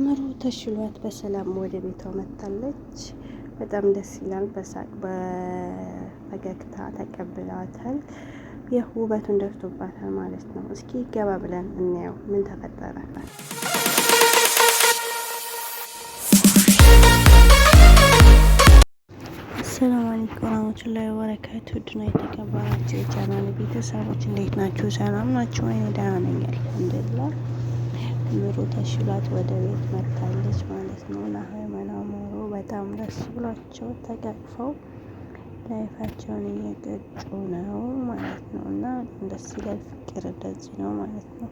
ምሩ ተሽሏት በሰላም ወደ ቤቷ መጥታለች። በጣም ደስ ይላል። በሳቅ በፈገግታ ተቀብለዋታል። ይህ ውበቱን ደርሶባታል ማለት ነው። እስኪ ገባ ብለን እናየው ምን ተፈጠረ። ሰላም አለይኩም ወራህመቱላሂ ወበረካቱ። ድና የተከበራችሁ የቻናል ቤተሰቦች እንዴት ናችሁ? ሰላም ናችሁ? ወይ? ደህና ነኝ አልሐምዱሊላህ ምሩ ተሽሏት ወደ ቤት መጥታለች ማለት ነው። ናሆምና ምሩ በጣም ደስ ብሏቸው ተቃቅፈው ላይፋቸውን እየገጩ ነው ማለት ነው። እና ደስ ይላል። ፍቅር እንደዚህ ነው ማለት ነው።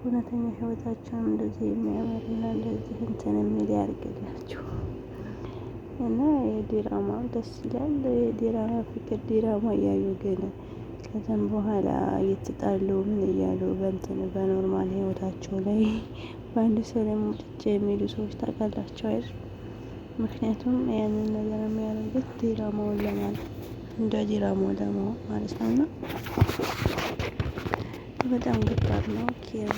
እውነተኛ ህይወታቸውን እንደዚህ የሚያምርና እንደዚህ እንትን የሚል ያርግላቸው እና የዲራማው ደስ ይላል። የዲራማ ፍቅር ዲራማ እያዩ ገና ከዛም በኋላ እየተጣሉ ምን እያሉ በእንትን በኖርማል ህይወታቸው ላይ በአንድ ሰው ላይ ሙጭጭ የሚሉ ሰዎች ታውቃላቸው አይደል? ምክንያቱም ያንን ነገር የሚያደርጉት ዲራማውን ለማለት እንደ ዲራማው ለመሆን ማለት ነው። እና በጣም ገባር ነው። ኪራ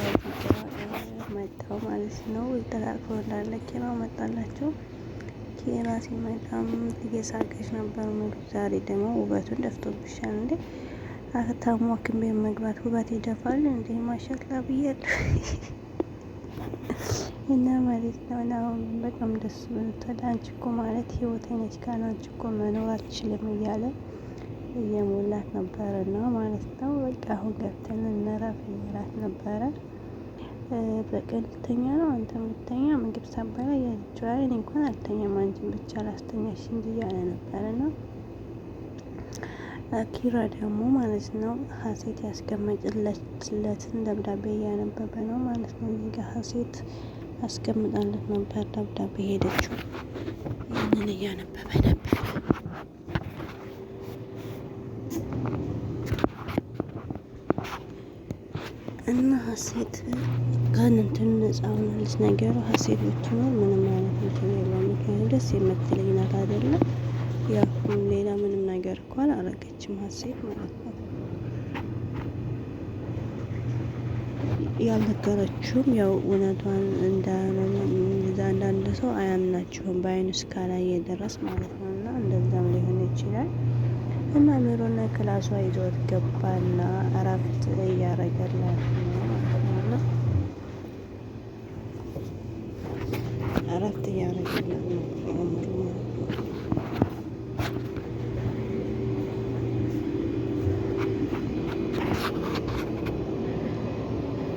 መጣው ማለት ነው። ተቃቅፎ እንዳለ ኪራ መጣላቸው። ኬራ ሲመጣም እየሳቀች ነበር። ዛሬ ደግሞ ውበቱን ደፍቶብሻል እንዴ? አታሞ ሐኪም ቤት መግባት ውበት ይደፋል እንዴ ማሻላ ብያል እና ማለት ነው። እና አሁን በጣም ደስ ብሎታል። አንቺ እኮ ማለት ህይወተኞች ጋር አንቺ እኮ መኖር አትችልም እያለ እየሞላት ነበረ ነው ማለት ነው። በቃ አሁን ገብተን እንረፍ እያላት ነበረ። በቀን ልተኛ ነው አንተ ምተኛ ምግብ ሳበላ እያለችዋል። እኔ እንኳን አልተኛም አንቺን ብቻ ላስተኛሽ እንጂ እያለ ነበረ ነው አኪራ ደግሞ ማለት ነው ሀሴት ያስቀመጥለትን ደብዳቤ እያነበበ ነው ማለት ነው። እዚህ ጋር ሀሴት አስቀምጣለት ነበር ደብዳቤ ሄደችው። ይህንን እያነበበ ነበር። እና ሀሴት ከእንትን ነጻ ሆናለች ነገሩ። ሀሴት ብትኖር ምንም አይነት ነገር የለም። ምክንያቱ ደስ የምትለኝ ናት አይደለም ያው ሌላ ምንም ነገር እኮ አላረገችም ሀሴት ማለት ነው። ያልነገረችውም ያው እውነቷን እንዳልሆነ አንዳንድ ሰው አያምናችሁም በአይኑ እስካላየ ድረስ ማለት ነው። እና እንደዛም ሊሆን ይችላል። እና ምሮና ክላሷ ይዞት ገባና እረፍት እያረገላት ነው። እረፍት እያረገ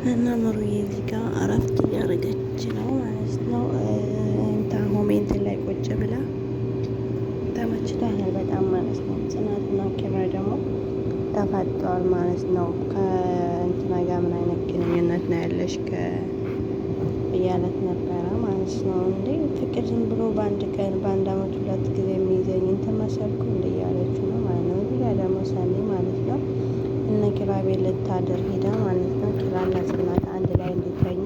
እና ምሩዬ እዚህ ጋ አረፍት እያደረገች ነው ማለት ነው። እንታ ሆሜንት ላይ ቆጭ ብላ ተመችቷታል በጣም ማለት ነው። ጽናትና ኪብራ ደግሞ ተፋጠዋል ማለት ነው። ከእንትና ጋ ምን አይነት ግንኙነት ነው ያለሽ እያለት ነበረ ማለት ነው። እንዴ ፍቅር ዝም ብሎ በአንድ ቀን በአንድ አመት ሁለት ጊዜ የሚይዘኝ እንትን መሰልኩ እንደ እያለች ነው ማለት ነው። እዚህ ጋ ደግሞ ሰኒ ማለት ነው እነ ኪራቤ ልታደር ሄዳ ማለት ነው። ኪራና ጽናት አንድ ላይ እንዲተኙ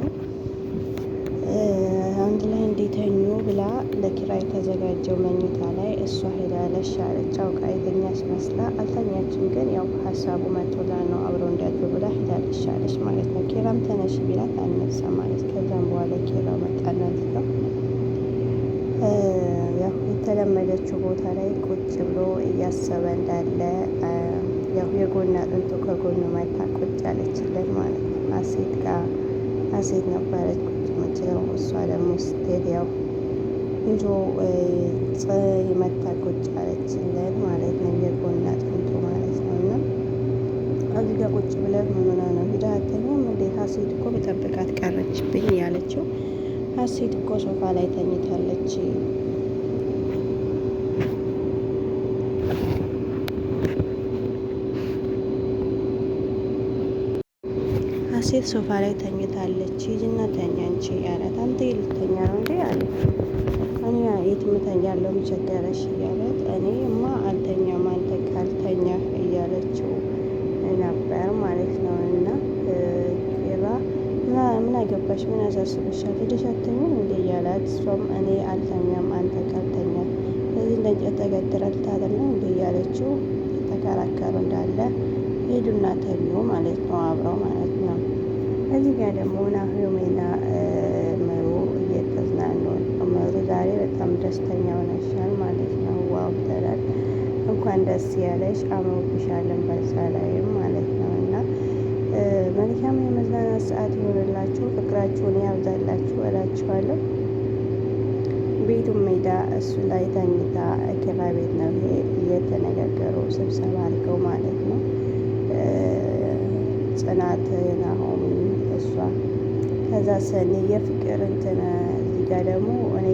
አንድ ላይ እንዲተኙ ብላ ለኪራ የተዘጋጀው መኝታ ላይ እሷ ሄዳ ለሻለች አውቃ የተኛች መስላ አልተኛችም። ግን ያው ሀሳቡ መቶላ ነው አብረው እንዲያድሩ ብላ ሄዳ ልሻለች ማለት ነው። ኪራም ተነሽ ቢላት አነሳ ማለት ከዛም በኋላ ኪራ መጣናት ነው ያው የተለመደችው ቦታ ላይ ቁጭ ብሎ እያሰበ እንዳለ ያው የጎን አጥንቱ ከጎኑ መታ ቁጭ ያለችለን ማለት ነው። አሴት ጋር አሴት ነበረች ቁጭ ምችለው። እሷ ደግሞ ስትሄድ ያው ይዞ ጽ መታ ቁጭ ያለችለን ማለት ነው። የጎን አጥንቱ ማለት ነው። እና እዚህ ጋር ቁጭ ብለን ምንሆነ ነው ሂዳ አተኛም እንዴ አሴት እኮ በጠብቃት ቀረችብኝ ያለችው። አሴት እኮ ሶፋ ላይ ተኝታለች። ሴት ሶፋ ላይ ተኝታለች። ሂጂና ተኛ አንቺ አላት። አንተ ልተኛ ነው እንዴ አለ። እኔ የትም እተኛለሁ ምቸገረሽ እያለት፣ እኔ እማ አልተኛም አንተ ካልተኛ እያለችው ነበር ማለት ነው። እና ኪራ ምን አገባሽ ምን ያሳስብሻል? ሄደሽ አትተኝም እንዴ እያላት፣ እሷም እኔ አልተኛም አንተ ካልተኛ ስለዚህ እንደ እንጨት ተገትረል ታደለ እንዴ እያለችው ተከራከሩ እንዳለ ሄዱና ተኙ ማለት ነው አብረው ማለት ነው። ከዚህ ጋር ደግሞ ናሆሜና ምሩ እየተዝናኑ ነው። ምሩ ዛሬ በጣም ደስተኛ ሆነሻል ማለት ነው። ዋው ብለናል። እንኳን ደስ ያለሽ አምሮብሻለን። በዛ ላይም ማለት ነው እና መልካም የመዝናናት ሰዓት ይሆንላችሁ፣ ፍቅራችሁን ያብዛላችሁ እላችኋለሁ። ቤቱም ሜዳ እሱ ላይ ተኝታ እኪራ ቤት ነው ይሄ እየተነጋገሩ ስብሰባ አድርገው ማለት ነው ጽናት ናሆ እሷ ከዛ ሰኒ የፍቅር እንትን እዚህ ደግሞ እኔ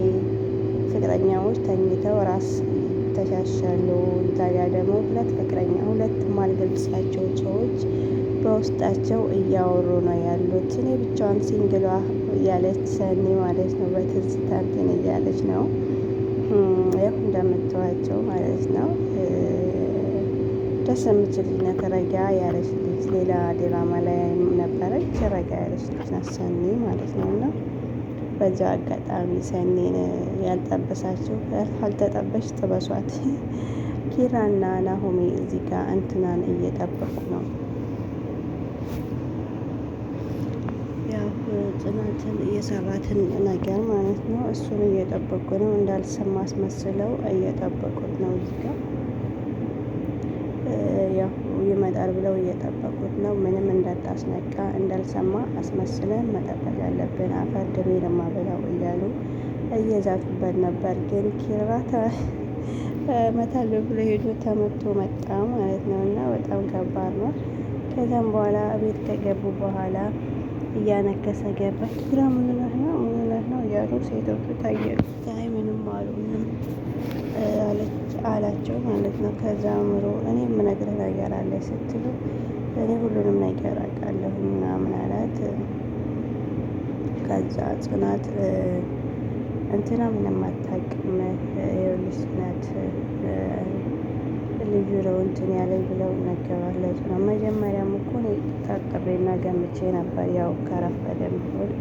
ፍቅረኛዎች ተኝተው ራስ ተሻሻሉ እዛ ደግሞ ሁለት ፍቅረኛ ሁለት ማልገልጻቸው ሰዎች በውስጣቸው እያወሩ ነው ያሉት። እኔ ብቻዋን ሲንግሏ እያለች ሰኒ ማለት ነው በትዝታ እንትን እያለች ነው ያው እንደምትዋቸው ማለት ነው። ደስ የምትል ናት። ረጋ ያለች ልጅ ሌላ ድራማ ላይ ነበረች። ረጋ ያለች ልጅ ናት ሰኒ ማለት ነው። እና በዛ አጋጣሚ ሰኒን ያልጠበሳችሁ ካልተጠበሽ ጥበሷት። ኪራና ናሆሜ እዚህ ጋር እንትናን እየጠበቁ ነው። ያው ጽናትን እየሰራትን ነገር ማለት ነው። እሱን እየጠበቁ ነው። እንዳልሰማ አስመስለው እየጠበቁት ነው እዚህ ጋር ያው ይመጣል ብለው እየጠበቁት ነው። ምንም እንዳታስነቃ እንዳልሰማ አስመስለን መጠበቅ ያለብን አፈር ድሜ ብለው እያሉ እየዛቱበት ነበር። ግን ኪራ መታለ ብሎ ሄዶ ተመቶ መጣ ማለት ነው። እና በጣም ከባድ ነው። ከዛም በኋላ ቤት ከገቡ በኋላ እያነከሰ ገባ። ኪራ ምንነት ነው ምንነት ነው እያሉ ሴቶቹ ታየሉ። ታይ ምንም አሉ ምንም አለች አላቸው ማለት ነው። ከዛ አእምሮ እኔ የምነግርህ ነገር አለ ስትሉ እኔ ሁሉንም ነገር አውቃለሁ ምናምን አላት። ከዛ ጽናት እንትና ምንም አታውቅም የልጅ ጽናት ልዩ ነው እንትን ያለኝ ብለው ነገባለት ነው። መጀመሪያም እኮ ታቅቤና ገምቼ ነበር ያው ከረፈደም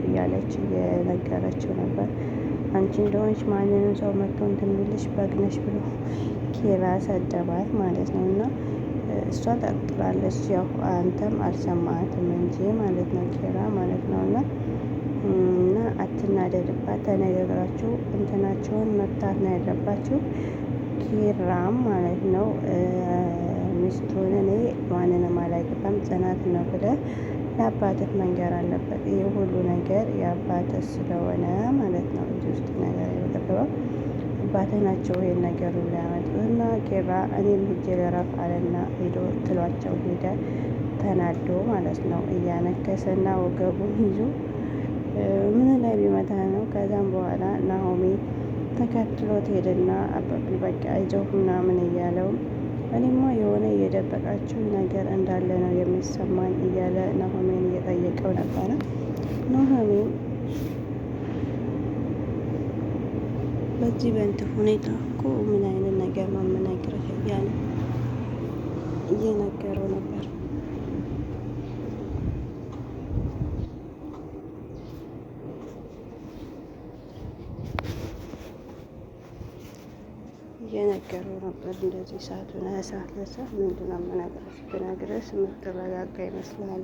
እያለች እየነገረችው ነበር አንቺ እንደሆንሽ ማንንም ሰው መጥቶ እንትን ቢልሽ በግነሽ ብሎ ኪራ ሰደባት ማለት ነው። እና እሷ ጠርጥራለች፣ ያው አንተም አልሰማትም እንጂ ማለት ነው ኪራ ማለት ነው። እና እና አትናደድባት፣ ተነጋግራችሁ እንትናቸውን መፍታት ነው ያለባችሁ። ኬራም ማለት ነው ሚስቱን እኔ ማንንም አላገባም ጽናት ነው ብለህ የአባትህ መንገር አለበት። ይህ ሁሉ ነገር የአባትህ ስለሆነ ማለት ነው። እዚህ ውስጥ ነገር የተገባ አባትህ ናቸው ይህን ነገር ሁሉ ያመጡት እና ኬራ እኔም ሂጄ ልረፍ አለና ሄዶ ትሏቸው ሄደ። ተናዶ ማለት ነው እያነከሰ እና ወገቡን ይዞ ምን ላይ ቢመታ ነው። ከዛም በኋላ ናሆሜ ተከትሎት ሄደና አባቢ በቃ አይዞህ ምናምን እያለው እኔማ የሆነ የደበቃችሁን ነገር እንዳለ ነው የሚሰማኝ እያለ ናሆሜን እየጠየቀው ነበረ። ናሆሜን በዚህ በእንት ሁኔታ እኮ ምን አይነት ነገር ነው የምነግርህ እያለ እየነገረው ነበር። እየነገሩ ነበር። እንደዚህ ሰዓቱን አያሳለሰ ምንድነው የምነግርሽ ብነግርሽ የምትረጋጋ ይመስላል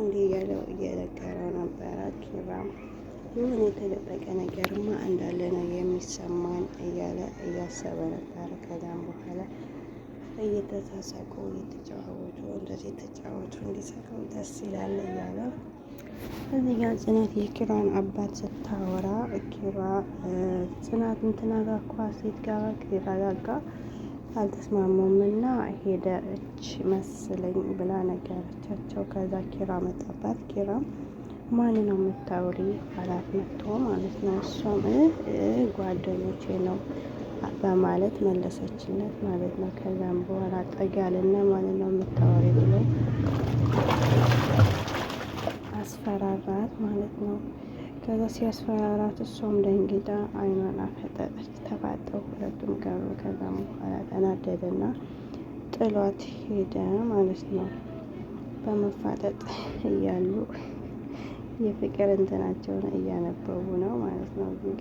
እንዲህ እያለው እየነገረው ነበረ። ኪራም ይሁን የተደበቀ ነገርማ እንዳለ ነው የሚሰማን እያለ እያሰበ ነበር። ከዛም በኋላ እየተሳሳቁ እየተጫዋወቱ እንደዚህ ተጫወቱ እንዲሰቀው ደስ ይላል እያለ እዚህ ጋር ጽናት የኪራን አባት ስታወራ ኪራ ጽናት እንትና ጋር እኮ ሴት ጋር ኪራ ጋር አልተስማሙም እና ሄደች መስለኝ ብላ ነገረቻቸው። ከዛ ኪራ መጣባት። ኪራም ማን ነው የምታውሪ አላት መጥቶ ማለት ነው። እሷም ጓደኞቼ ነው በማለት መለሰችለት ማለት ነው። ከዛም በኋላ ጠጋልና ማለት ነው የምታወሪ ብለው አስፈራራት ማለት ነው። ከዛ ሲያስፈራራት እሷም ደንግጣ አይኗን አፈጠጠች። ተፋጠው ሁለቱም ቀሩ። ከዛ በኋላ ተናደደ ና ጥሏት ሄደ ማለት ነው። በመፋጠጥ እያሉ የፍቅር እንትናቸውን እያነበቡ ነው ማለት ነው እዚህ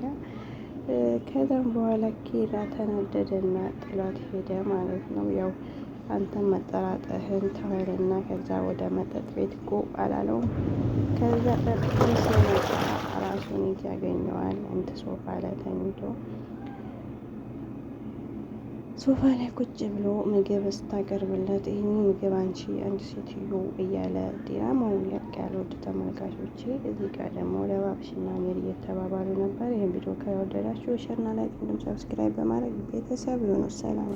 ከዛም በኋላ ኪራ ተናደደና ጥሏት ሄደ ማለት ነው ያው አንተም መጠራጠህን ተውልና ከዛ ወደ መጠጥ ቤት ጎ አላለው። ከዛ እርቅም ሲመጣ ራሱን ይዝ ያገኘዋል። እንደ ሶፋ ላይ ተኝቶ ሶፋ ላይ ቁጭ ብሎ ምግብ ስታቀርብለት ይህን ምግብ አንቺ አንድ ሴትዮ እያለ ዲራማው ለቅ ያልወዱ ተመልካቾቼ፣ እዚህ ጋር ደግሞ ለባብሽና ሜሪ እየተባባሉ ነበር። ይህን ቪዲዮ ከወደዳችሁ ሸርና ላይ ቅንድም ሰብስክራይብ በማድረግ ቤተሰብ የሆኑ ሰላም